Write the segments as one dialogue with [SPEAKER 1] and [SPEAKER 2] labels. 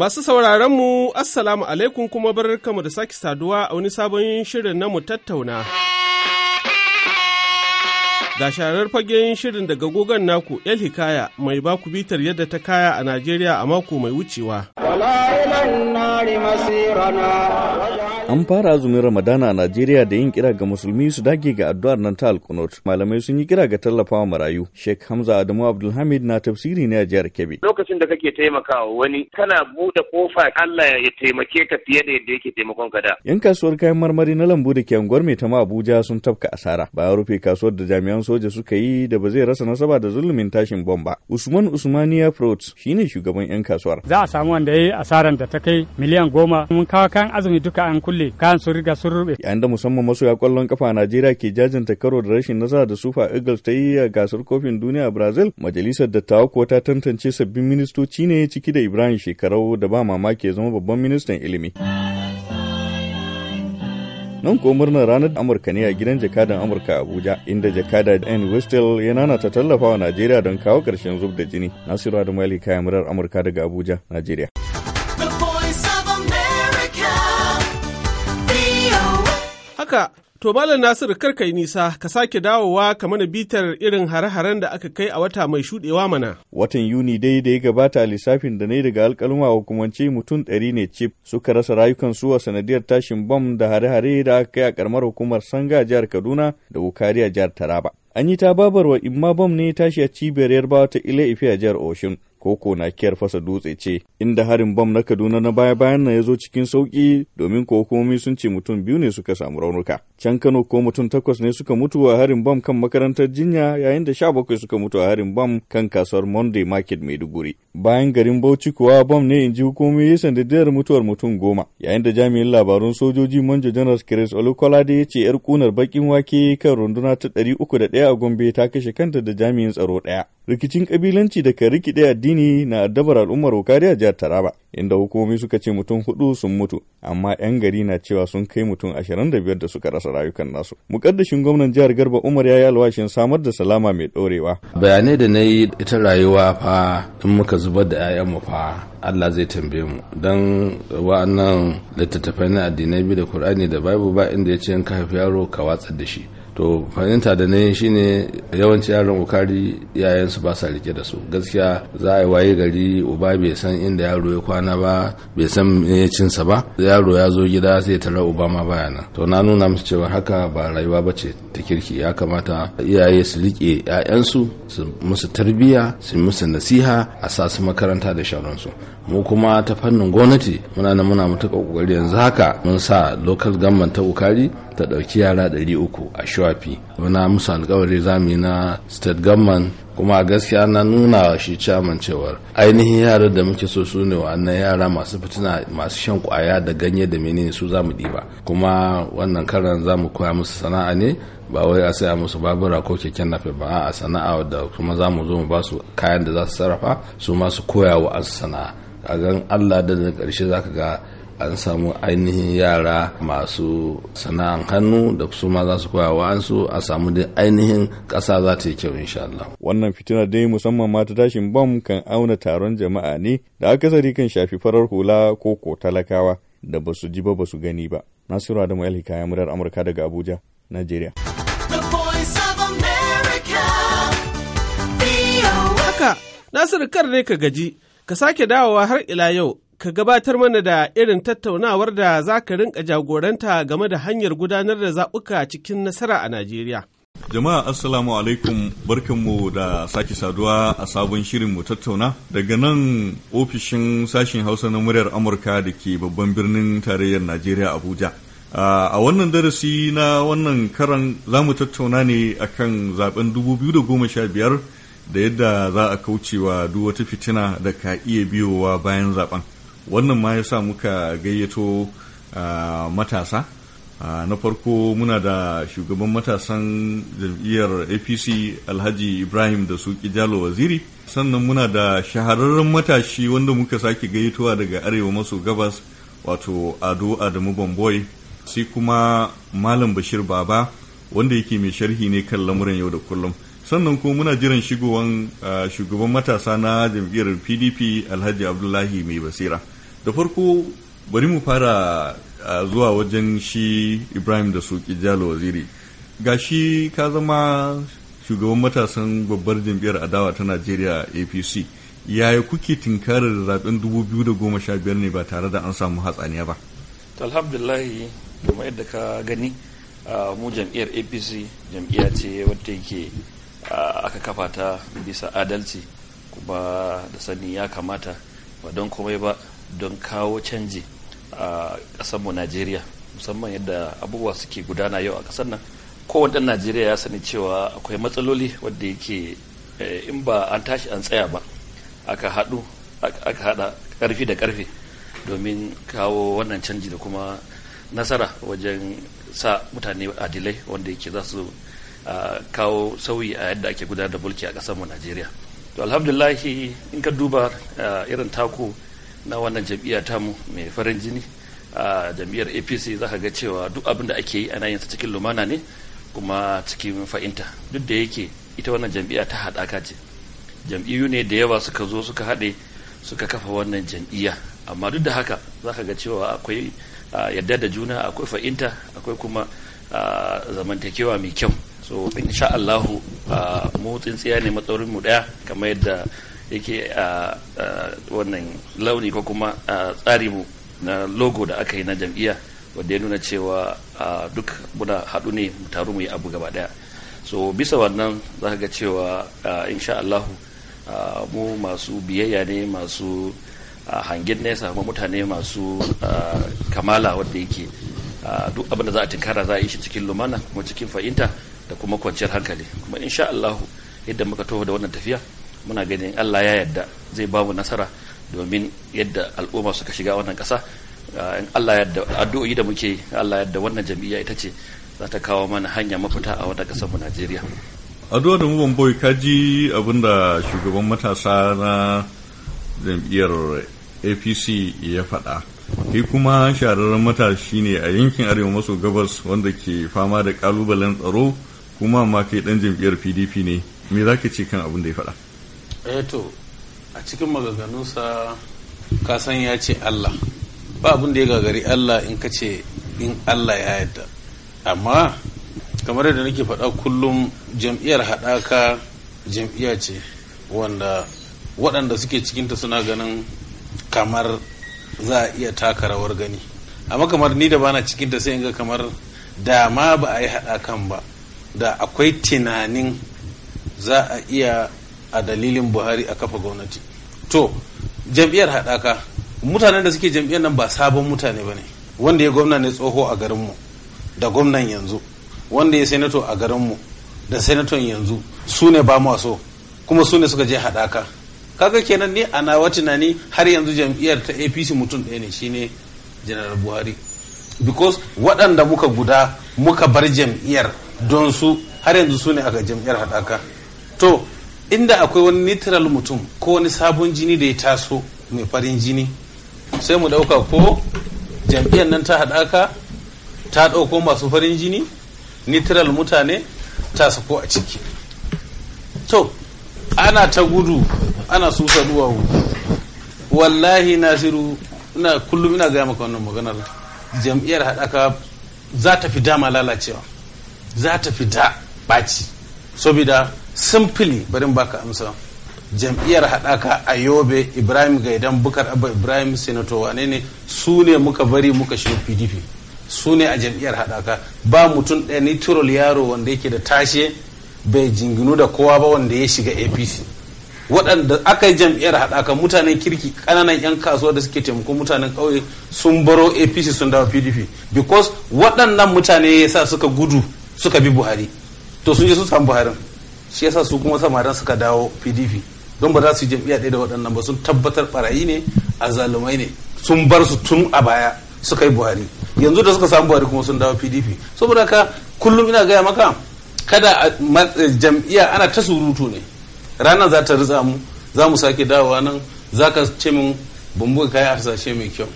[SPEAKER 1] Masu sauraron mu Assalamu alaikum kuma mu da sake saduwa a wani sabon shirin na mu tattauna. Ga sharar fagen shirin daga gogon naku El Hikaya mai baku bitar yadda ta kaya a Najeriya a mako mai
[SPEAKER 2] wucewa.
[SPEAKER 3] Wala
[SPEAKER 2] An fara azumin Ramadana a Najeriya da yin kira ga musulmi su dage ga addu'ar nan ta alkunot Malamai sun yi kira ga tallafawa marayu. Sheikh Hamza Adamu Abdulhamid na tafsiri ne a jihar Kebbi.
[SPEAKER 4] Lokacin da kake taimakawa wani kana bude kofa Allah ya taimake ka fiye da yadda yake taimakon ka da.
[SPEAKER 2] Yan kasuwar kayan marmari na lambu da ke anguwar mai tama Abuja sun tafka asara. Bayan rufe kasuwar da jami'an soja suka yi da ba zai rasa nasaba da zulumin tashin bomba. Usman Usmaniya Fruits shine shugaban yan kasuwar. Za
[SPEAKER 5] a samu wanda ya yi asaran da ta kai miliyan miliyan goma mun kawo kayan azumi duka an kulle kayan sun riga sun
[SPEAKER 2] rube. yayin da musamman masoya kwallon kafa a najeriya ke jajinta karo da rashin nasara da sufa eagles ta yi a gasar kofin duniya a brazil majalisar dattawa kuwa ta tantance sabbin ministoci ne ciki da ibrahim shekarau da ba mamaki ya zama babban ministan ilimi. nan ko murnar ranar amurka ne a gidan jakadan amurka abuja inda jakada dan westel ya nana ta tallafa wa najeriya don kawo karshen zub da jini nasiru adamali kayan murar amurka daga abuja najeriya
[SPEAKER 1] haka, to Malam Nasiru kar kai nisa ka sake dawowa ka mana bitar irin hare-haren da aka kai a wata mai shuɗewa mana.
[SPEAKER 2] Watan Yuni dai da ya gabata lissafin da na yi daga alkalma hukumance mutum ɗari ne cif suka rasa rayukansu a sanadiyar tashin bom da hare-hare da aka kai a karamar hukumar Sanga jihar Kaduna da bukari a jihar Taraba. An yi ta babarwa imma bom ne tashi a cibiyar Yarbawa ta Ile Ife a jihar Oshun. ko kiyar fasa dutse ce inda harin bam na kaduna na baya bayan na ya zo cikin sauki domin ko komai sun ce mutum biyu ne suka samu raunuka can kano ko mutum takwas ne suka mutu a harin bam kan makarantar jinya yayin da sha bakwai suka mutu a harin bam kan kasuwar monday market mai maiduguri bayan garin bauchi kuwa bam ne in ji hukumomi ya sanadiyar mutuwar mutum goma yayin da jami'in labarun sojoji manjo janar chris olukolade ya ce yar kunar bakin wake kan runduna ta ɗari uku da ɗaya a gombe ta kashe kanta da jami'in tsaro ɗaya rikicin kabilanci da ka rikide addini na addabar al'ummar Okari a jihar Taraba, inda hukumomi suka ce mutum hudu sun mutu, amma 'yan gari na cewa sun kai mutum ashirin da biyar da suka rasa rayukan nasu. Mukaddashin gwamnan jihar Garba Umar ya yi alwashin samar da salama mai ɗorewa.
[SPEAKER 6] Bayanai da na yi ita rayuwa fa in muka zubar da 'ya'yanmu fa Allah zai tambaye mu don wa'annan littattafai na addinai biyu da Kur'ani da ba'ibu ba inda ya ce in ka haifi yaro ka watsar da shi. to fahimta da ne shine yawanci yaran ukari yayansu ba sa rike da su gaskiya za a yi waye gari uba bai san inda yaro ya kwana ba bai san me cinsa ba yaro ya zo gida sai tara uba ma baya nan to na nuna musu cewa haka ba rayuwa ba ce ta kirki ya kamata iyaye su rike 'ya'yansu su musu tarbiya su musu nasiha a sa su makaranta da shauransu mu kuma ta fannin gwamnati muna nan muna matuƙa kokari yanzu haka mun sa local government ta ukari ta ɗauki yara 300 a shawafi wani musa alkawari zami na state government kuma gaskiya na nuna shi caman cewar ainihin yaran da muke so su ne wa'annan yara masu fitina masu shan kwaya da ganye da menene su za zamu ɗiba kuma wannan karan mu koya musu sana'a ne ba wai a saya musu babura ko keken nafe ba a sana'a da kuma za mu zo mu ba su kayan da za su sarrafa su ma su koya wa sana'a a gan allah da daga ƙarshe ka ga an samu ainihin yara masu
[SPEAKER 2] sana'an hannu da su ma za su koya wa'ansu a samu da ainihin ƙasa za ta yi kyau inshallah. Wannan fitina dai musamman mata tashin bam kan auna taron jama'a ne da akasari kan shafi farar hula ko ko talakawa da ba su ji ba ba su gani ba. Nasiru Adamu kayan murar Amurka daga Abuja, Najeriya. Haka, Nasiru kar ne ka gaji, ka sake dawowa har
[SPEAKER 1] ila yau ka gabatar mana da irin tattaunawar da za ka rinka jagoranta game da hanyar gudanar da zaɓuka cikin nasara a Najeriya.
[SPEAKER 2] Jama'a Assalamu alaikum barkanmu da sake saduwa a sabon shirin mu tattauna daga nan ofishin sashen Hausa na muryar Amurka da ke babban birnin tarayyar Najeriya Abuja. a wannan darasi na wannan karan za mu tattauna ne akan zaben 2015 da yadda za a kaucewa duk wata fitina da ka iya biyowa bayan zaben. wannan ma ya sa muka gayyato matasa na farko muna da shugaban matasan jam'iyyar apc alhaji ibrahim da suki jalo waziri sannan muna da shahararren matashi wanda muka sake gayyatowa daga arewa maso gabas wato ado adamu bamboy sai kuma malam bashir baba wanda yake mai sharhi ne kan lamuran yau da kullum sannan kuma muna jiran shigowan shugaban matasa na jam'iyyar pdp alhaji abdullahi mai basira da farko bari mu fara zuwa wajen shi ibrahim da suki jalo waziri ga shi ka zama shugaban matasan babbar jam'iyyar adawa ta najeriya apc yaya kuke tinkarar zaben 2015 ne ba tare da an samu hatsaniya ba
[SPEAKER 4] alhamdulahi kamar yadda ka gani mu jam'iyyar apc jam'iyya ce wadda yake Ah, aka kafa ta bisa adalci kuma da sani ya kamata ba don komai ba don kawo canji a ƙasarmu najeriya musamman yadda abubuwa suke gudana yau a ƙasar nan kowane ɗan najeriya ya sani cewa akwai matsaloli wadda yake eh, in ba an tashi an tsaya ba aka haɗu aka haɗa ƙarfi da ƙarfe domin kawo wannan canji da kuma nasara wajen sa mutane adilai wanda yake za su kawo sauyi a yadda ake gudanar da mulki a kasar mu Najeriya to alhamdulillah in ka duba irin taku na wannan jam'iyya mu mai farin jini a jam'iyyar apc za ka ga cewa duk abin da ake yi ana yin cikin lumana ne kuma cikin fa'inta duk da yake ita wannan jam'iyya ta haɗaka ce jam'iyyu ne da yawa suka zo suka haɗe suka kafa wannan jam'iyya amma duk da haka za ka ga cewa akwai yadda da juna akwai fa'inta akwai kuma zamantakewa mai kyau so insha Allahu uh, mu tsintsiya ne matsaurin mu daya kamar yadda yake a uh, uh, wannan launi ko kuma tsari mu na logo da aka yi na jam'iyya wanda ya nuna cewa duk muna haɗu ne mu taru mu yi abu gaba daya so bisa wannan za ga cewa insha Allahu mu masu biyayya ne masu hangen nesa kuma mutane masu kamala wanda yake duk abin da za a tinkara za a yi shi cikin lumana kuma cikin fahimta da kuma kwanciyar hankali kuma insha Allah yadda muka toho da wannan tafiya muna ganin Allah ya yarda zai ba mu nasara domin yadda al'umma suka shiga wannan ƙasa ah, in Allah yarda addu'o'i da muke Allah yarda wannan jami'a ita ce za ta kawo mana hanya mafita a wannan ƙasar mu Najeriya
[SPEAKER 2] addu'a da mu bamboy kaji abinda shugaban matasa na jam'iyyar APC ya faɗa kai kuma shahararren matashi ne a yankin arewa maso gabas wanda ke fama da ƙalubalen tsaro kuma ma kai dan jam'iyyar pdp ne me za ka ce kan abin da ya faɗa
[SPEAKER 5] eh to a cikin maganganunsa ka san ya ce allah ba abin da ya gagari allah in ka ce in allah ya yadda amma kamar yadda nake faɗa kullum jam'iyyar haɗaka jam'iyya ce wanda waɗanda suke cikinta suna ganin kamar za a iya taka rawar gani amma kamar ni da bana cikinta sai in ga kamar dama ba a yi kan ba da akwai tunanin za a iya a dalilin buhari a kafa gwamnati to jam'iyyar haɗaka mutanen da suke jam'iyyar nan ba sabon mutane ba ne wanda ya gwamna ne tsoho a garinmu da gwamnan yanzu wanda ya senato a garinmu da senaton yanzu su ne ba maso kuma su ne suka je haɗaka kaga kenan ne a nawa tunani har yanzu jam'iyyar ta apc mutum ɗaya ne shine general buhari because waɗanda muka guda muka bar jam'iyyar don su har yanzu su ne aka jam'iyyar haɗaka to inda akwai wani neutral mutum ko wani sabon jini da ya taso mai farin jini sai mu ɗauka ko jam'iyyar nan ta haɗaka ta ɗauko masu farin jini neutral mutane ta sako a ciki to ana ta gudu ana susa duwawu wallahi nasiru ina kullum ina gaya maka wannan maganar jam'iyyar haɗaka za ta fi dama lalacewa za ta fita ɓaci saboda simfili barin baka amsa jam'iyyar haɗaka a yobe ibrahim gaidan bukar abba ibrahim senator wane ne su ne muka bari muka shiga pdp su ne a jam'iyyar haɗaka ba mutum ɗaya ni yaro wanda yake da tashe bai jinginu da kowa ba wanda ya shiga apc waɗanda aka yi jam'iyyar haɗaka mutanen kirki ƙananan 'yan kasuwa da suke taimakon mutanen ƙauye sun baro apc sun dawo pdp because waɗannan mutane ya sa suka gudu suka bi buhari to sun je sun samu buharin shi yasa su kuma samarin suka dawo pdp don ba za su jam'iyya ɗaya da waɗannan ba sun tabbatar barayi ne a zalumai ne sun bar su tun a baya suka yi buhari yanzu da suka samu buhari kuma sun dawo pdp saboda ka kullum ina gaya maka kada eh, jam'iyya ana ta surutu ne ranar za ta ritsa mu za mu sake dawowa nan za ka ce min ka yi a mai kyau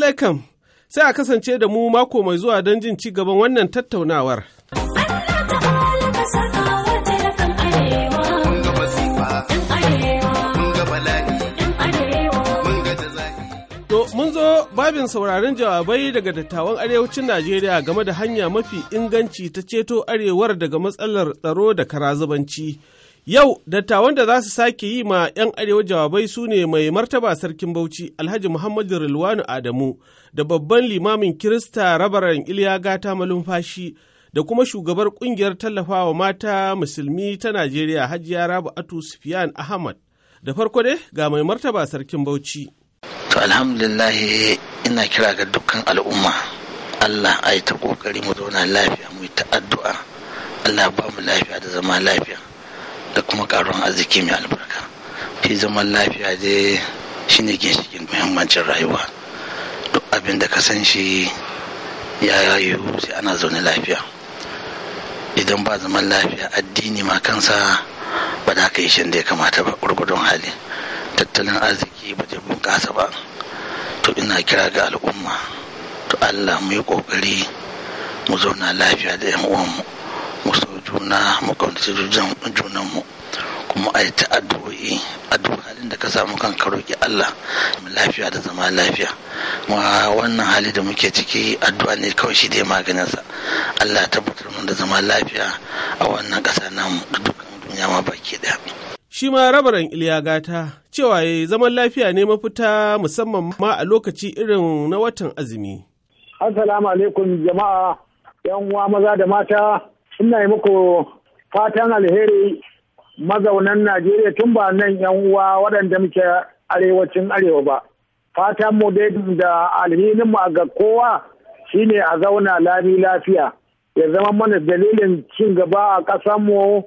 [SPEAKER 1] lallai sai a kasance da mu mako mai zuwa don jin ci gaban wannan tattaunawar. mun zo babin sauraron jawabai daga dattawan arewacin Najeriya game da hanya mafi inganci ta ceto arewar daga matsalar tsaro da kara zubanci. Yau, dattawan da za su sake yi ma 'yan arewa jawabai su ne mai martaba sarkin Bauchi Alhaji Muhammadu Rilwanu Adamu da babban limamin Kirista rabaran Iliya Gata Malumfashi da kuma shugabar kungiyar tallafawa mata musulmi ta Najeriya Hajiya Rabu Atu Sufiyan Ahmad. Da farko dai ga mai martaba sarkin Bauchi.
[SPEAKER 6] To alhamdulillah ina kira ga dukkan al'umma. Allah ai ta kokari mu zauna lafiya mu ta addu'a. Allah ba mu lafiya da zama lafiya. da kuma karuwan arziki mai albarka fi zaman lafiya dai shine ginshikin muhimmancin rayuwa duk abin da ka san shi ya yayu sai ana zaune lafiya idan ba zaman lafiya addini ma kansa ba da ka yi shan da ya kamata ba gurgudun hali tattalin arziki ba je bunƙasa ba to ina kira ga al'umma to allah mu yi ƙoƙari mu zauna lafiya da 'yan uwanmu mu juna mu junan junanmu kuma a yi ta addu'o'i a duk halin da ka samu kan ka roƙi Allah lafiya da zama lafiya wannan hali da muke ciki addu'a ne kawai shi dai sa,
[SPEAKER 1] Allah tabbatar mu da zama lafiya a wannan ƙasa namu da dukkan duniya ma baki ɗaya. Shi ma rabaran Iliya gata cewa ya zaman lafiya ne mafita musamman ma a lokaci irin na watan azumi.
[SPEAKER 3] Assalamu alaikum jama'a yan uwa maza da mata ina yi muku fatan alheri mazaunan Najeriya tun ba nan yan uwa waɗanda muke arewacin arewa ba. Fatan mu dai da alhinin mu ga kowa shine a zauna lami lafiya ya zama mana dalilin cin gaba a ƙasar mu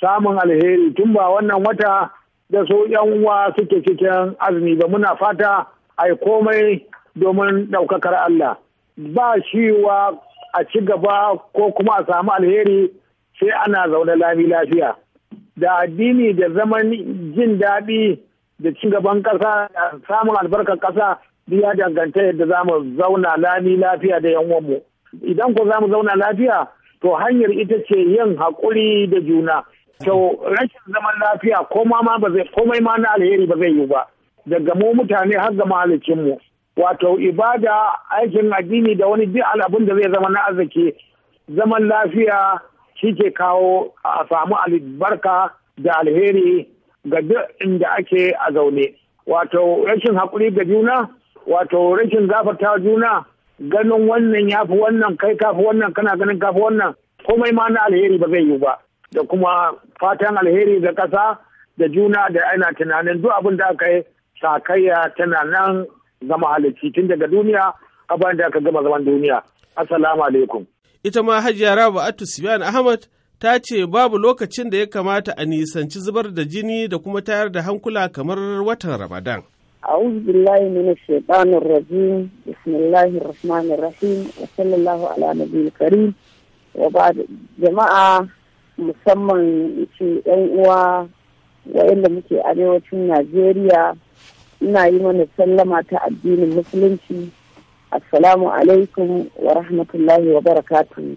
[SPEAKER 3] samun alheri tun ba wannan wata da su yan uwa suke cikin azumi ba muna fata ai komai domin ɗaukakar Allah. Ba shi wa a ci gaba ko kuma a samu alheri sai ana zaune lami lafiya da addini da zaman jin daɗi da ci gaban ƙasa da samun albarkar ƙasa ya danganta yadda za mu zauna lami lafiya da yan mu idan ko za mu zauna lafiya to hanyar ita ce yin haƙuri da juna to rashin zaman lafiya komai ma na alheri ba zai yi ba daga mu mutane har ga mahalicin mu wato ibada aikin addini da wani duk al'abun da zai zama na arziki zaman lafiya shi ke kawo a samu albarka da alheri ga duk inda ake a zaune wato rashin haƙuri ga juna wato rashin gafarta juna ganin wannan ya fi wannan kai kafi wannan kana ganin kafi wannan komai ma na alheri ba zai yi ba da kuma fatan alheri da ƙasa da juna da ana tunanin duk abin da aka yi sakayya tana nan zama halicci tun daga duniya bayan da aka gama zaman duniya assalamu alaikum
[SPEAKER 1] ita ma hajiya atu Sibiyan ahmad ta ce babu lokacin da ya kamata a nisanci zubar da jini da kuma tayar da hankula kamar watan ramadan
[SPEAKER 7] أعوذ بالله من الشيطان الرجيم بسم ala jama'a musamman ce ‘yan uwa wayanda muke arewacin Najeriya ina yi mana sallama ta addinin musulunci assalamu alaikum wa rahmatullahi wa barakatu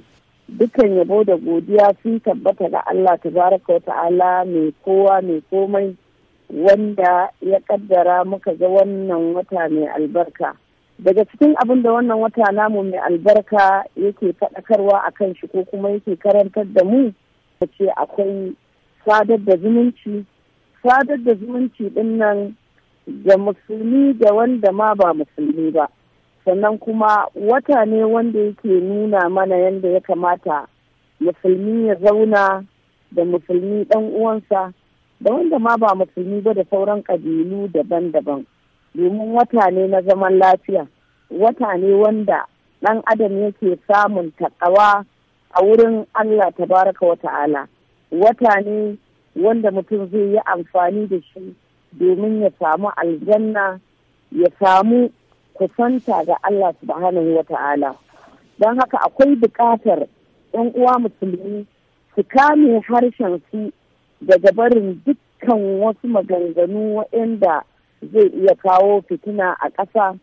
[SPEAKER 7] dukan yabo da godiya sun tabbata ga Allah tabaraka wa mai kowa mai komai wanda ya kaddara muka ga wannan wata mai albarka daga cikin abin da wannan wata namu mai albarka yake faɗakarwa a kan shi ko kuma yake karantar da mu ce akwai sadar da zumunci sadar da zumunci din nan Da musulmi da wanda ma ba musulmi ba sannan kuma wata ne wanda yake nuna mana yadda ya kamata musulmi ya zauna da musulmi ɗan uwansa da wanda ma ba musulmi ba da sauran ƙabilu daban-daban domin wata ne na zaman lafiya wata ne wanda ɗan adam yake samun taƙawa a wurin allah ta baraka wata'ala wata ne wanda mutum zai yi amfani da shi domin ya samu aljanna ya samu kusanta ga Allah subhanahu wa ta'ala don haka akwai bukatar 'yan uwa musulmi su kame harshen su daga barin dukkan wasu maganganu waɗanda zai iya kawo fitina a ƙasa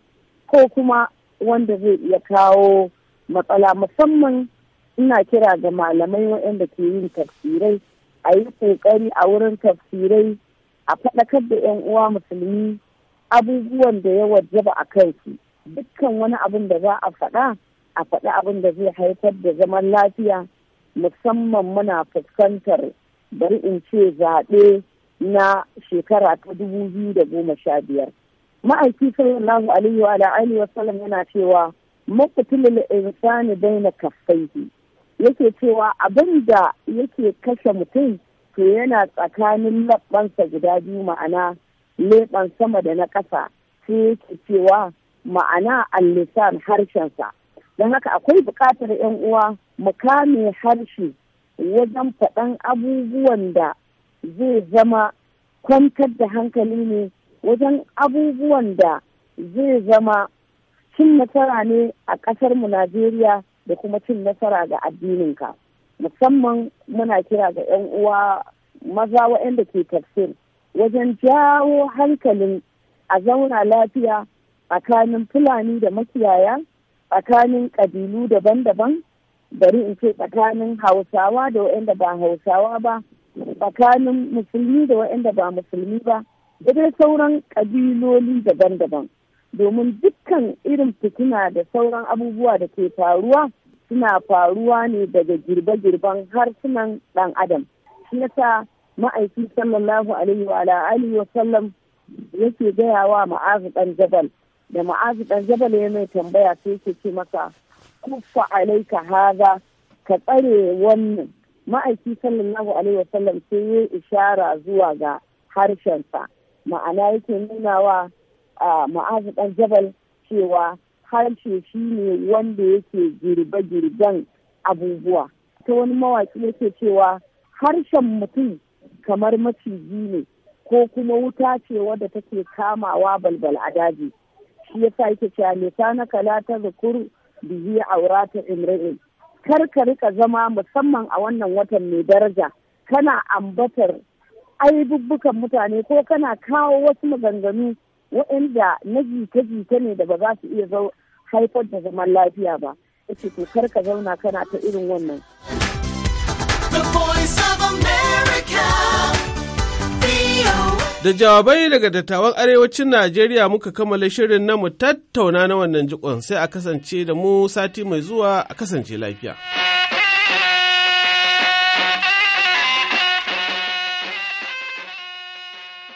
[SPEAKER 7] ko kuma wanda zai iya kawo matsala musamman ina kira ga malamai waɗanda ke yin tafsirai a yi ƙoƙari a wurin tafsirai a faɗakar da 'yan uwa musulmi abubuwan da ya wajaba a kansu dukkan wani abin da za a faɗa a faɗi abin da zai haifar da zaman lafiya musamman muna fuskantar bari in ce zaɓe na shekara ta dubu biyu da goma sha biyar ma'aiki sallallahu alaihi wa alihi wa sallam yana cewa mafitilil insani daina kaffaihi yake cewa abin da yake kashe mutum to yana tsakanin labbansa guda biyu ma'ana leɓen sama da na ƙasa sai yake cewa ma'ana allisan harshensa don haka akwai buƙatar 'yan uwa mu kame harshe wajen faɗan abubuwan da zai zama kwantar da hankali ne wajen abubuwan da zai zama cin nasara ne a ƙasarmu najeriya da kuma cin nasara ga addininka. musamman muna kira ga 'yan uwa maza waɗanda ke tafsir wajen jawo hankalin a zauna lafiya tsakanin fulani da makiyaya tsakanin ƙabilu daban-daban bari in ce tsakanin hausawa da waɗanda ba hausawa ba tsakanin musulmi da waɗanda ba musulmi ba da sauran ƙabiloli daban-daban domin dukkan irin fitina da sauran abubuwa da ke faruwa suna faruwa ne daga girbe-girben harsunan ɗan adam shi yasa ma'aiki sallallahu alaihi wa alihi wa sallam yake gaya wa ma'azu ɗan jabal da ma'azu ɗan jabal ya mai tambaya sai yake ce masa kuffa alaika haza ka tsare wannan ma'aiki sallallahu alaihi wa sallam sai ya ishara zuwa ga harshensa ma'ana yake nuna wa ma'azu ɗan jabal cewa harshe shi ne wanda yake girbe-girben abubuwa ta wani mawaki yake cewa harshen mutum kamar maciji ne ko kuma wuta ce wadda take kamawa balbal a daji shi yasa yake cewa ta la ya aura ta imri'in kar ka rika zama musamman a wannan watan mai daraja kana ambatar aibubbukan mutane ko kana kawo wasu maganganu waɗanda na jita-jita ne da ba za su iya haifar da zaman lafiya ba yace to kar ka zauna kana ta irin wannan
[SPEAKER 1] Da jawabai daga dattawan arewacin Najeriya muka kammala shirin na mu tattauna na wannan jikon sai a kasance da mu sati mai zuwa a kasance lafiya.